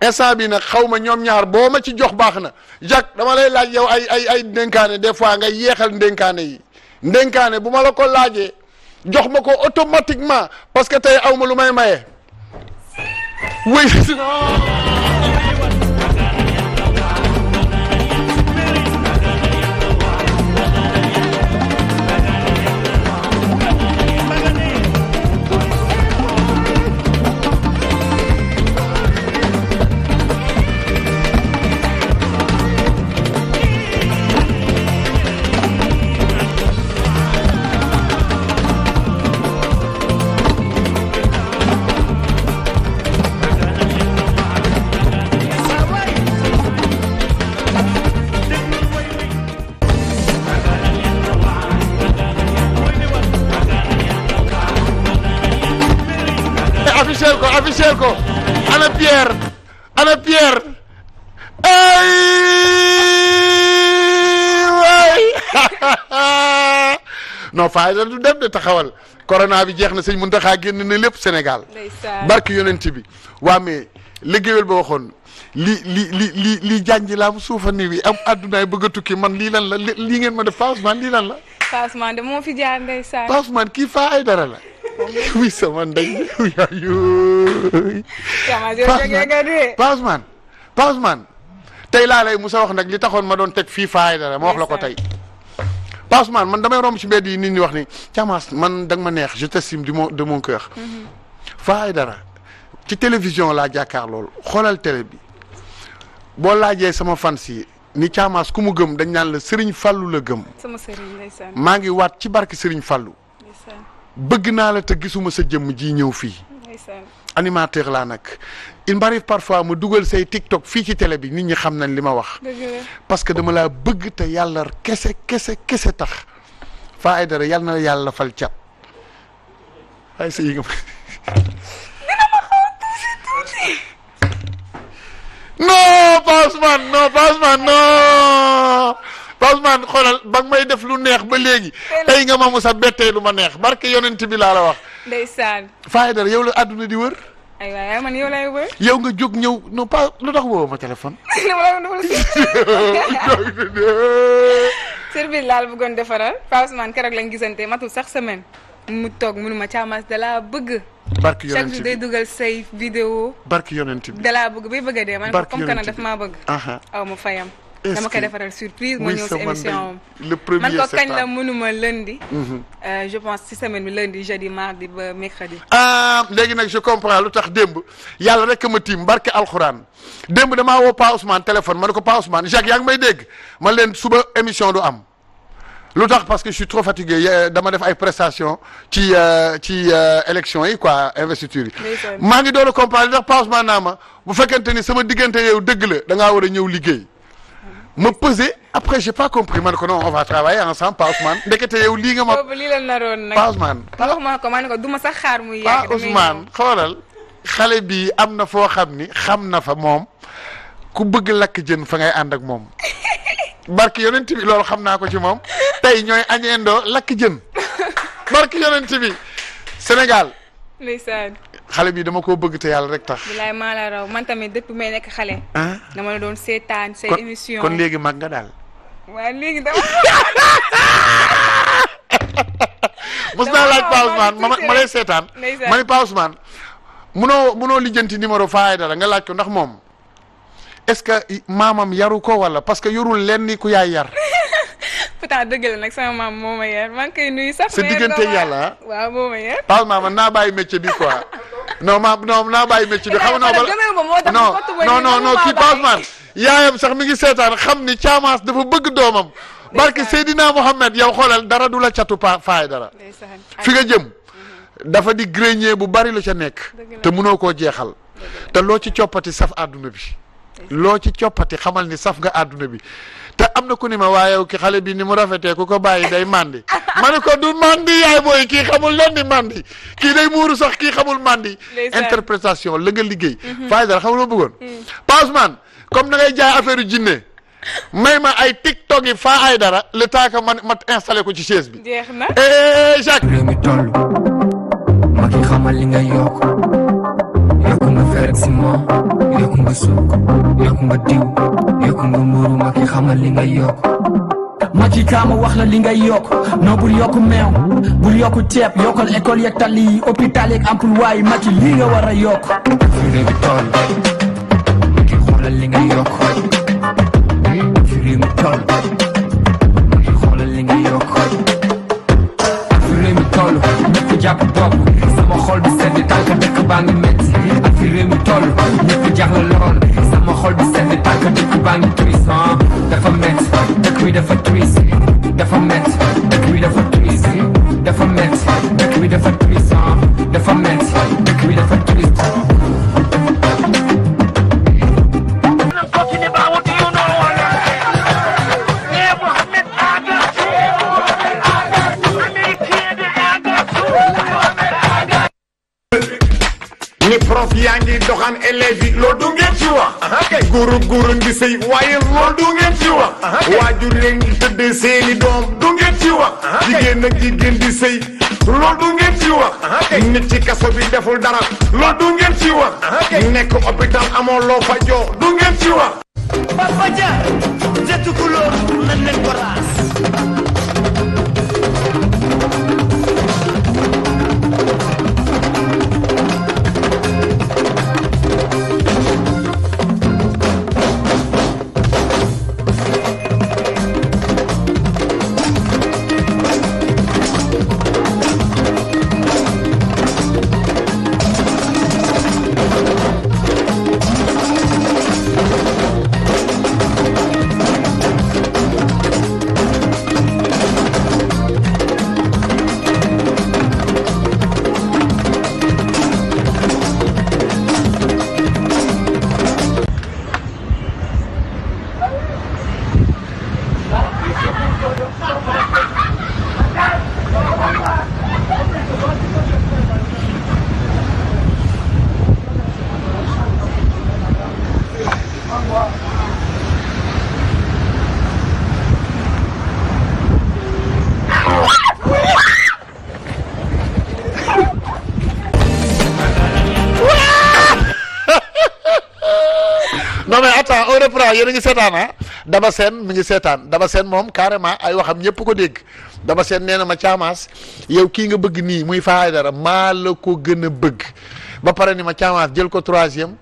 instant bii nag xaw ma ñoom ñaar boo ma ci jox baax na Jacques dama lay laaj yow ay ay ay ndénkaane des fois nga yeexal ndénkaane yi ndénkaane bu ma la ko laajee jox ma ko automatiquement parce que tey aw ma lu may maye. oui. teel ko ana Pierre ana Pierre ay waay non faayda du dem de taxawal corona bi jeex na sëñ Muntaxa génn na lépp Sénégal barke yonent bi waa mais liggéeyal ba waxoon li li li li li jànji laa bu suufa ni wi am àddunaay bëgg a tukki man lii lan la lii ngeen ma def Pape lan la Pape Ousmane de moo fi jaar ndeysaan ay dara la oui sama ndey yaayu. Pa Ousmane Pa Ousmane tey laa lay musa wax nag li taxoon ma doon teg fii faay dara ma wax la ko tey. Pa man man damay romb ci mbedd yi nit ñi wax ni Thiamas man danga ma neex je t'estime du mon de mon cœur. Mm-hmm. faay dara ci télévision laa jàkkaar lool xoolal télé bi boo laajee sama fans yi ni Thiamas ku mu gëm dañ naan la Serigne Fallou la gëm. sama maa ngi waat ci barke Serigne fallu bëgg naa la te gisuma sa jëmm ji ñëw fii animateur laa nag il m'arrive parfois mu dugal say TikTok fii ci tele bi nit ñi xam nañ li ma wax parce que dama laa bëgg te yàlla kese kese kese tax Faa Aidara yàlla na la yàlla fal cat waaye sa yi nga ma dina ma xaw tuuti tuuti xoolal ba may def lu neex ba léegi tey nga ma musa bettee lu ma neex barke yonent bi laa la wax ndeysaan Faye Dara yow la àdduna di wër ay waay man yow lay wër yow nga jóg ñëw non pas lu tax woo ma téléphone service laal bëggoon defaral Pa Ousmane keroog lañ gisante matul sax semaine mu toog mënuma caamas dalaa bëgg barke yonent bi chaque jour day dugal say vidéo barke yonent bi dalaa bëgg bay bëgg a dee man comme que nag daf maa bëgg aw ma fayam dama koy defaral surprise ma ñëw si émission le premier man ko kañ la mënuma lundi mhm. euh, je pense si semaine bi lundi jeudi mardi ba mercredi ah léegi nag je comprends lu tax démb yàlla rek ma tiim barke alxuraan demb damaa woo Pa Ousmane téléphone ma ko Pa Ousmane Jacques yaa may dégg ma leen suba émission du am lu tax parce que je suis trop fatigué dama def ay prestations ci euh, ci euh, élection yi quoi investiture yi maa ngi doon a comprendre ndax Pa Ousmane naa ma bu fekkente ni sama diggante yow dëgg la da ngaa war a ñëw liggéey ma pesé après j'ai pas compris man ko non on va travailler ensemble Pa Ousmane ndekete yow lii ma. boobu lii la naroon nag Pa Ousmane. waxuma ko ma ne ko du ma sax xaar muy yàgg. Pa Ousmane xoolal xale bii am na foo xam ni xam na fa moom ku bëgg lakk jën fa ngay ànd ak moom barki yonent bi loolu xam naa ko ci moom tey ñooy añeendoo lakk jën barki yonent bi Sénégal. xale bi dama ko bëgg te yàlla rek tax. bilaay maa la raw man tamit depuis may nekk xale. Ah. dama la doon seetaan say émission kon léegi mag nga daal. waaw léegi dama. mos naa ma lay seetaan. ma ni Pa Ousmane munoo munoo lijjanti numéro Faye dara nga laaj ko ndax moom est-ce que maamam yaru ko wala parce que yorul lenn ku yaay yar. pourtant dëgg la nag sama maam moo ma yar maa ngi koy nuyu sax. sa diggante yàlla ah? waaw moo yar. Pa Ousmane naa bàyyi métier bi quoi. non ma non naa bàyyi métier bi xam naa ba non non non non kii Passemal yaayam sax mi ngi seetaan xam ni caamaas dafa bëgg doomam barke Seydina Mohamed yow xoolal dara du la catu pa faay dara fi nga jëm dafa di grenier bu bari la ca nekk te mënoo koo jeexal te loo ci coppati saf àdduna bi loo ci coppati xamal ni saf nga àdduna bi te am na ku ni ma waaye ki xale bii ni mu rafetee ku ko bàyyi day màndi ma ne ko du mandi yaay booy kii xamul leen ni mandi kii day muuru sax kii xamul mandi interprétation la nga liggéey mhm. fayi dara xamul ma bëggoon mm. Passeman comme na ngay jaay affaire yu jinne may ma ay tiktok yi faa dara le temps que man mat installé ko ci chaise bi jeex na eh, eh Jacques réew mi toll ma ki xamal li nga yokk yokk nga fer ciment yokk nga suuk yokk nga diw yokk nga mburu ma ki xamal li nga yokk ma ci kaamu wax la li ngay yokk non bul yokk meew bul yokk ceeb yokkal école yeeg tali yi hôpital yeeg emploi yi ma ci lii nga war a yokk fi réew mi toll ma ci xoolal li ngay yokk fi réew mi toll ma ci xoolal li ngay yokk fi réew mi toll ñëpp jàpp bopp sama xol bi sedd tànk dëkk baa ngi métti ak fi réew mi toll ñëpp jaaxle lool sama xol bi sedd tànk dëkk baa ngi puissant dafa métti wi dafa triste dafa métti dëkk wi dafa triste dafa métti dëkk wi dafa triste dafa métti dëkk wi dafa triste ni prof yaa ngi doxaan élèves yi wax góor góor ngi sëy waaye lool du ngeen ci wax waajur leen ngi tëddee seeni doom du ngeen ci wax jigéen ak jigéen di sëy lool du ngeen ci wax nit ci kaso bi deful dara lool du ngeen ci wax nekk hôpital amoo loo fa jox du ngeen ci wax Papa Dia c'est Tukulóor mën nañ ko raas pourtant yéen a ngi seetaan ah Daba Sène mi ngi seetaan Daba seen moom carrément ay waxam ñëpp ko dégg Daba Sène nee na ma caamaas yow kii nga bëgg nii muy faay dara maa la ko gën bëgg ba pare ni ma caamaas jël ko troisième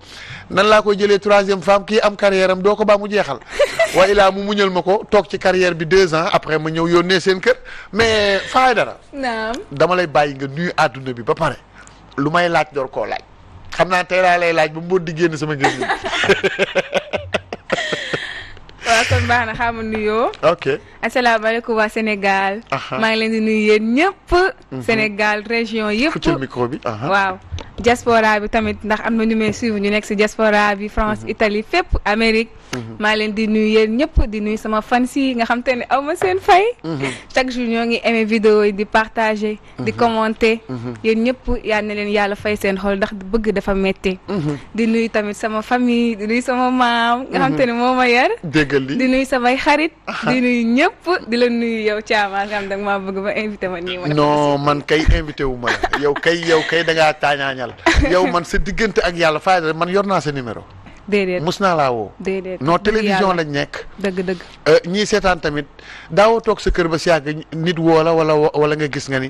nan laa koy jëlee troisième femme kii am carrière doo ko baa mu jeexal waaye ilaa mu muñal ma ko toog ci carrière bi deux ans après ma ñëw yónnee seen kër mais faay dara. dama lay bàyyi nga nuyu àdduna bi ba pare lu may laaj door koo laaj. xam naa tey laa laaj ba mu mën di génn sama génn kon baax na xaaral ma nuyoo. ok asalaamaaleykum waa Sénégal. maa ngi leen di nuyu yéen ñëpp. Mhm. Sénégal région yëpp. fucc bi waaw. diaspora bi tamit ndax am na ñu may suivre ñu nekk si diaspora bi France mhm. Italie fépp Amérique. Mhm. maa leen di nuy yéen ñëpp di nuyu sama fans yi nga xam te ne aw ma seen fay. chaque jour ñoo ngi aimé vidéo yi di partage di commenter. yéen ñëpp yal na leen yàlla fay seen xol ndax bëgg dafa metti di nuyu tamit sama famille di nuyu sama maam. nga xam di nuyu samay xarit. di ah. nuyu ñëpp di la nuyu yow Thiamas nga xam da nga maa bëgg ba invité ma nii. ma non man kay invité wu ma kay yow kay da ngaa taañaañal yow man sa diggante ak yàlla Fadel man yor naa sa numéro. déedéet mus naa laa woo. déedéet non télévision lañ nekk. dëgg dëgg. Euh, ñii seetaan tamit daawoo toog sa kër ba si yàgg nit woo la wala wala nga gis nga ni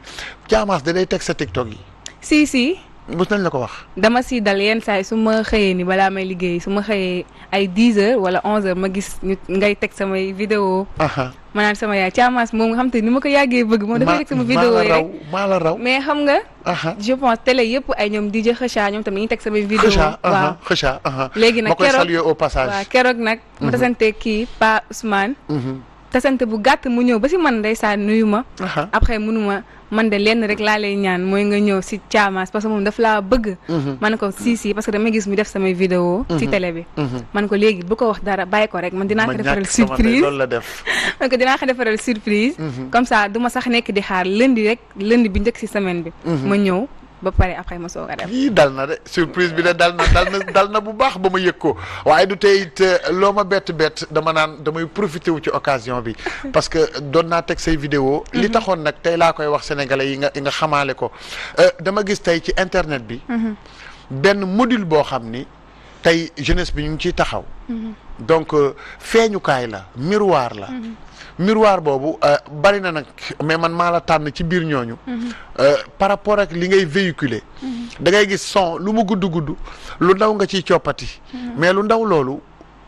Thiamas da day teg sa TikTok yi. si mos nañ la ko wax. dama si dal yenn saa su ma xëyee ni balaa may liggéey su ma xëyee ay dix heures wala onze heures ma gis ñu ngay teg samay vidéo ma naan sama yaay caamaas moom nga xam te ni ma ko yàggee bëgg. moom dafay teg sama vidéo yi rek raw mais xam nga. je pense télé yëpp ay ñoom DJ Kheucha ñoom tamit ñu teg samay. vidéo waaw Kheucha léegi nag keroog ma koy saluer au passage. waaw keroog nag. mu mhm. tasante kii Pa Ousmane. Mhm. te tasante bu gàtt mu ñëw ba si man ndeysaan nuyu ma. après munu man de lenn rek laa lay ñaan mooy nga ñëw si caamaas parce que moom daf laa bëgg. Mhm. ma ne ko si si parce que damay gis mu def samay vidéo ci mhm. télé bi. Mhm. man ko léegi bu ko wax dara bàyyi ko rek man dina ko defaral surprise la def. man ko dinaa ko defaral surprise. comme ça du sax nekk di xaar lundi rek lundi bi njëkk si semaine bi. ma ñëw. ba pare après ma soog def. yii dal na de surprise bi de dal na dal na dal na bu baax ba ma yëg ko waaye du tey euh, loo ma bett bett dama naan damay profité wu ci occasion bi parce que doon naa teg say vidéo mhm. li taxoon nag tey laa koy wax sénégalais yi nga yi nga xamaale ko euh, dama gis tey ci internet bi. Mhm. benn module boo xam ni tey jeunesse bi ñu ngi ciy taxaw. Mhm. donc euh, feeñukaay la miroir la. miroir boobu euh, bari na nag mais man maa la tànn ci biir ñooñu. Mhm. Euh, par rapport ak li ngay véhiculer. Mhm. da ngay gis son lu mu gudd gudd lu ndaw nga ciy coppati. Mhm. mais lu ndaw loolu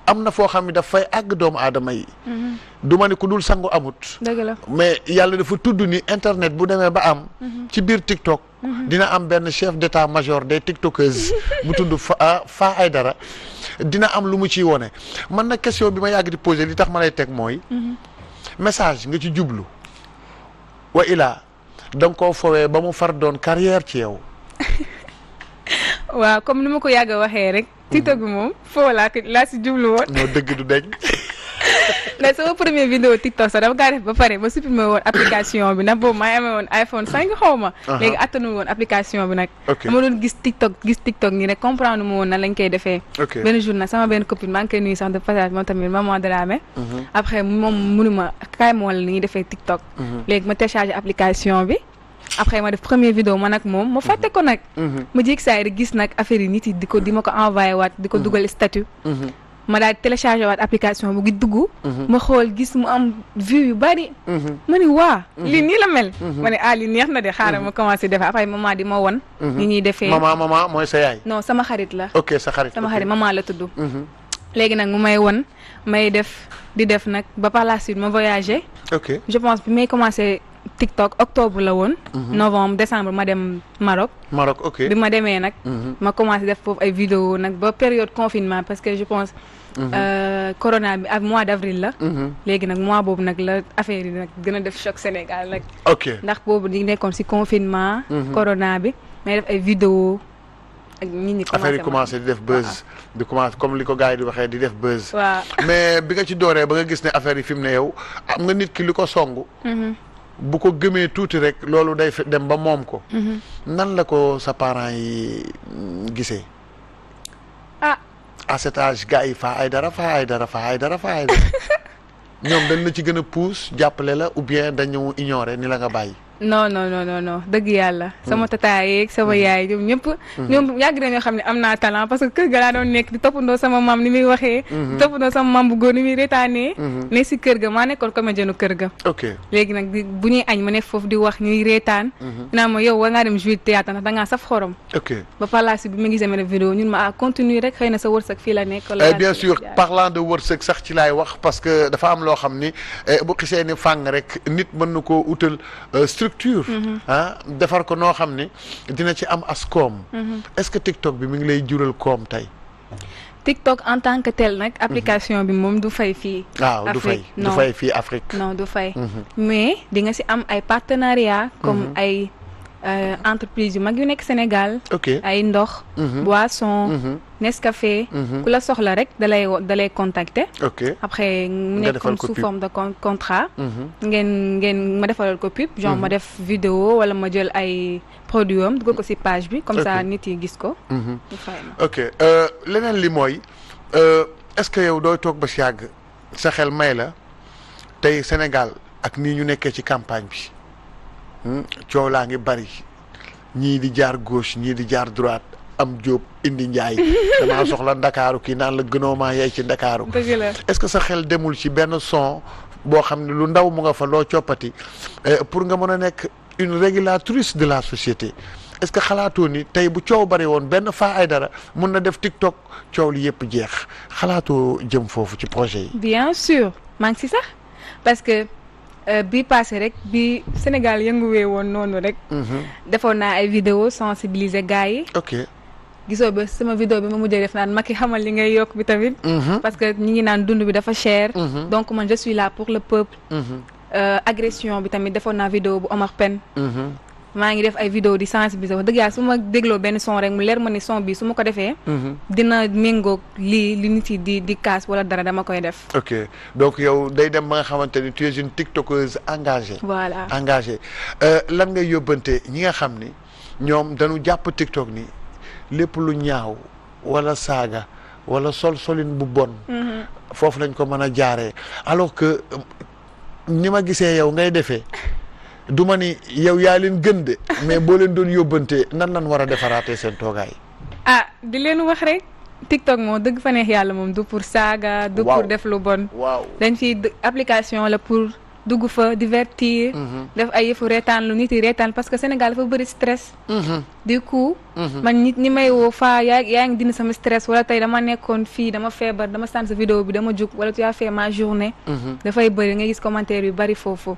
am na foo xam ne dafay àgg doomu aadama yi. du ma ne ku dul sangu amut. dëgg mais yàlla dafa tudd ni internet bu demee ba am. ci biir TikTok. dina am benn chef d'état major des tiktokeuses bu tudd fa ah, fa ay dara dina am lu mu ciy wone man na question bi ma yàgg di poser li tax ma lay teg mooy. message nga ci jublu wa ilaa da nga koo fowee ba mu far doon carrière ci yow. waaw comme ni ma ko yàgg waxee rek. TikTok bi moom foo laa ko laa si jublu woon. non dëgg du deñ mais sama premier vidéo TikTok sax dafa kaa def ba pare ba supprimer woon application bi ndax boobu maa amee woon iPhone 5 xaw ma. Uh-huh. léegi attanu woon application bi nag. dama doon gis TikTok gis TikTok nii rek mu woon nan lañ koy defee. benn jour nag sama benn copine maa ngi koy nuyu sax de passage moom la mer. Uh-huh. après ma wala ni ñuy defee TikTok. Uh-huh. léegi ma téléchargé application bi. après ma def première vidéo man ak moom ma fàtte ko nag. ma jéeg saa yi gis nag affaire yi nit yi di ko di ma ko envoyé waat di ko dugal statut. ma daal di téléchargé waat application bu gi dugg. Mhm. ma xool gis ma am view yu bari. Mhm. ma ni waa. Mhm. lii nii la mel. ma ne ah lii neex na de xaaral ma commencé def après maman di ma won ni ñuy defee maman maman mooy sa yaay. non sama xarit la. ok sa xarit sama xarit maman la tudd. léegi nag mu may won may def di def nag ba par la suite ma voyagé. je pense bi may commencé. TikTok octobre la woon. novembre décembre ma dem Maroc. Maroc ok bi ma demee nag. ma commencé def foofu ay vidéo nag ba période confinement parce que je pense. Mhm. Euh, corona bi ak mois d' avril la. Mhm. léegi nag mois boobu nag la affaire yi nag gën a def choc Sénégal nag. ok ndax boobu ñu nekkoon ci confinement. Mhm. corona bi may def ay vidéo ak nit ñi affaire yi commencé di def buzz. di commencé comme li ko gars yi di waxee di def buzz. waaw mais bi nga ci dooree ba nga gis ne affaire yi fi mu ne yow am nga nit ki li ko song. bu ko gëmee tuuti rek loolu day dem ba moom ko. nan la ko sa parents yi gisee. Ah, à cet âge gars yi faa ay dara fa ay dara faa ay dara faa ay dara ñoom dañ la ci gën a pousse jàppale la ou bien dañu ignorer ni la nga bàyyi. non non non non non dëgg yàlla. sama hmm. tata yeeg sama hmm. yaay ñoom ñëpp. Hmm. ñoom yàgg nañoo xam ne am naa talent parce que kër ga laa doon nekk di toppandoo sama maam ni muy waxee. di toppandoo sama maam bu góor ni muy reetaanee. ne si kër ga maa nekkoon comédienne kër ga. ok léegi nag di bu ñuy añ ma nekk foofu di wax ñuy reetaan. dinaa ma yow war ngaa dem jouer théâtre ndax da ngaa saf xorom. ok ba par la suite bi ma gisee ma ne vidéo ñun ma ah continuer rek xëy na sa wërsëg fii la nekk. wala eh, bien sûr parlant de wërsëg sax ci laay wax parce que dafa am loo xam ni eh, bu xisee ni fàng rek nit mën na koo utal eh, structure. Mm-hmm. ah defar ko noo xam ne dina ci am as koom. Mm-hmm. est-ce que TikTok bi mu ngi lay jural koom tey. TikTok en tant que tel nag. Mm-hmm. application bi moom du fay fii. waaw ah, du fay du fay fii Afrique. non du fay. mais di nga am ay partenariat comme ay. Euh, entreprise yu mag yu nekk Sénégal. ok ay ndox. Mhm. boisson. Mhm. Nescafé. Mhm. ku la soxla rek dalay dalay contacter. ok après mu nekk comme sous forme de contrat. ngeen ngeen ma defalal ko pub. genre ma def video wala ma jël ay produit am dugal ko ci page bi. comme ça nit yi gis ko. Euh, leneen li mooy euh, est-ce que yow dooy toog ba si yàgg sa xel may la tey Sénégal ak nii ñu nekkee ci campagne bi. Hmm? coow laa ngi bari ñii di jaar gauche ñii di jaar droite am jóob indi njaay damaa soxla ndakaaru kii naan la gënoo maa yey ci ndakaaru est-ce que sa xel demul ci benn son boo xam ne lu ndaw mu nga fa loo coppati eh, pour nga mën a nekk une régulatrice de la société est-ce que xalaatoo ni tey bu coow bari woon benn faa ay dara mun na def TikTok coow li yëpp jeex xalaatoo jëm foofu ci projet yi bien sûr maa si sax Euh, bi passé rek bi Sénégal yënguwee woon noonu rek. Mhm. defoon naa ay vidéo sensibiliser gars yi. ok gisoo ba sama vidéo bi ma mujjee def naan Macky xamal li ngay yokk bi tamit. Mhm. parce que ñi ngi naan dund bi dafa cher. Mhm. donc man je suis pour le peuple. Euh, agression bi tamit defoon naa vidéo bu Omar Pène. maa ngi def ay vidéo di sensibiliser wax dëgg yàlla su ma dégloo benn son rek mu leer ma ni son bi su ma ko defee. Mhm. dina méngóog lii li nit yi di di kaas wala dara dama koy def. ok donc yow day dem ma nga xamante ni tu es une tiktokeuse engagée. voilà engagée euh, lan ngay yóbbante ñi nga xam ni ñoom dañu jàpp tiktok ni lépp lu ñaaw wala saaga wala sol solin bu bon. Mhm. foofu lañ ko mën a jaaree alors que euh, ni ma gisee yow ngay defee. du ma ni yow yaa leen gën de mais boo leen yóbbante nan lan war a defaraatee seen toogaay. ah di leen wax rek. TikTok moom dëgg fa neex yàlla moom du pour saaga. du pour def lu bon. waaw dañ fi application la pour dugg fa divertir. Mhm. def ay yëfu reetaan lu nit yi reetaan parce que Sénégal dafa bëri stress. Mhm. du coup. Mhm. man nit ñi may woo fa yaa yaa ngi dindi sama stress wala tey dama nekkoon fii dama feebar dama sànn sa vidéo bi dama jug wala tu as fait ma journée. dafay bëri nga yu bëri foofu.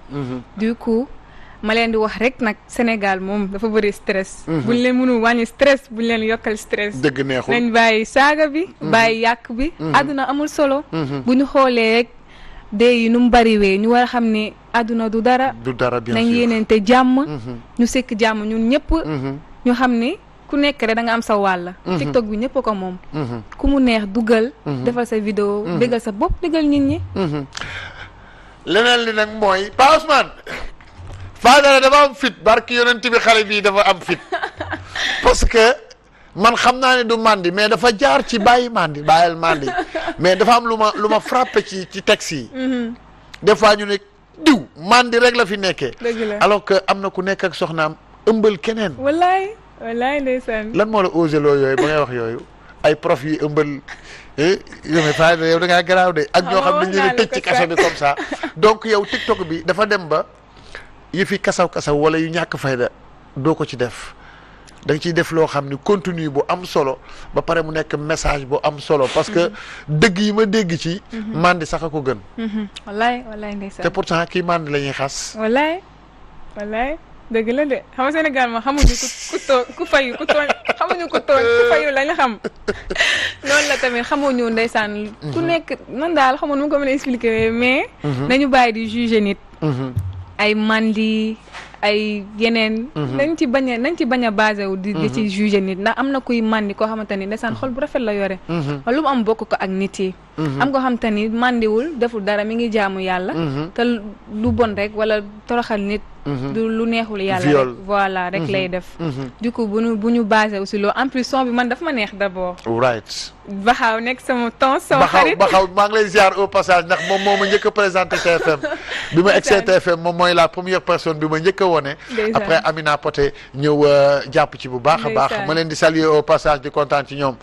ma leen di wax rek nag Sénégal moom dafa bëri stress. Mhm. ñu leen mënul wàññi stress buñ leen yokkal stress. dëgg neexul nañ bàyyi saaga bi. Mhm. bàyyi yàq bi. Mhm. àdduna amul solo. bu ñu xoolee rek dee yi nu mu bariwee ñu war a xam ne àdduna du dara. du dara bien sûr nañ jàmm. ñu sekk jàmm ñun ñëpp. ñu xam ni ku nekk rek da nga am sa wàll. TikTok bi ñëpp ko moom. ku mu neex dugal. defal sa vidéo. bégal sa bopp bégal nit ñi. leneen li nag mooy Pa Ousmane Fadala dafa am fit barki yonent bi xale bii dafa am fit parce que man xam naa ne du mandi mais dafa jaar ci bàyyi mandi bàyyil mandi mais dafa am lu ma lu ma frappé ci ci taxi yi. Mm-hmm. des fois ñu ne diw mandi rek la fi nekkee. alors que am na ku nekk ak soxnaam ëmbal keneen. wallaay lan moo la osé loo yooyu ba ngay wax yooyu ay prof yi ëmbal. Eh, yow mais Fadala yow da garaaw de. ak ñoo ah, xam ne dañu leen tëj ci kaso bi comme ça. donc yow TikTok bi dafa dem ba. yëfi kasaw-kasaw wala yu ñàkk fayda doo ko ci def da ci ciy def loo xam ni contenu bu am solo ba pare mu nekk message bu am solo parce que mhm. dëgg yi ma dégg ci mandi mhm. sax a ko gën mhm. wallaay wallaay ndeysaan te pourtant kii mandi la ñuy xas wallaay wallaay dëgg la de xam nga Sénégal ma xamuñu ku ku too ku fayu ku tooñ xamuñu ku tooñ ku fayu lañ xam loolu la tamit xamuñu ndeysaan ku nekk nan daal xamoon mu ko mën a mais nañu bàyyi di juger nit ay mandi ay yeneen. Mhm. nañ ci bañ a nañ ci bañ a basé wu. di mhm. ci jugé nit ndax am na kuy mandi koo xamante ni ndeysaan mhm. xol bu rafet la yore. lu am bokk ko ak nit yi. am nga xam te ni màndiwul deful dara mi ngi jaamu yàlla mhm. te lu bon rek wala toroxal nit mhm. du lu neexul yàlla rek voilà rek mhm. lay def du coup bu ñu bu ñu basé aussi loo en plus son bi man daf ma neex d'abord right baxaaw nekk sama ton sama xarit baxaaw maa ngi lay ziar au passage ndax moom moo ma njëkk a présenté TFM bi ma egsee TFM moom mooy la première personne bi ma njëkk a wone après Amina Poté ñëw euh, jàpp ci bu baax a baax ma leen di saluer au passage di kontaan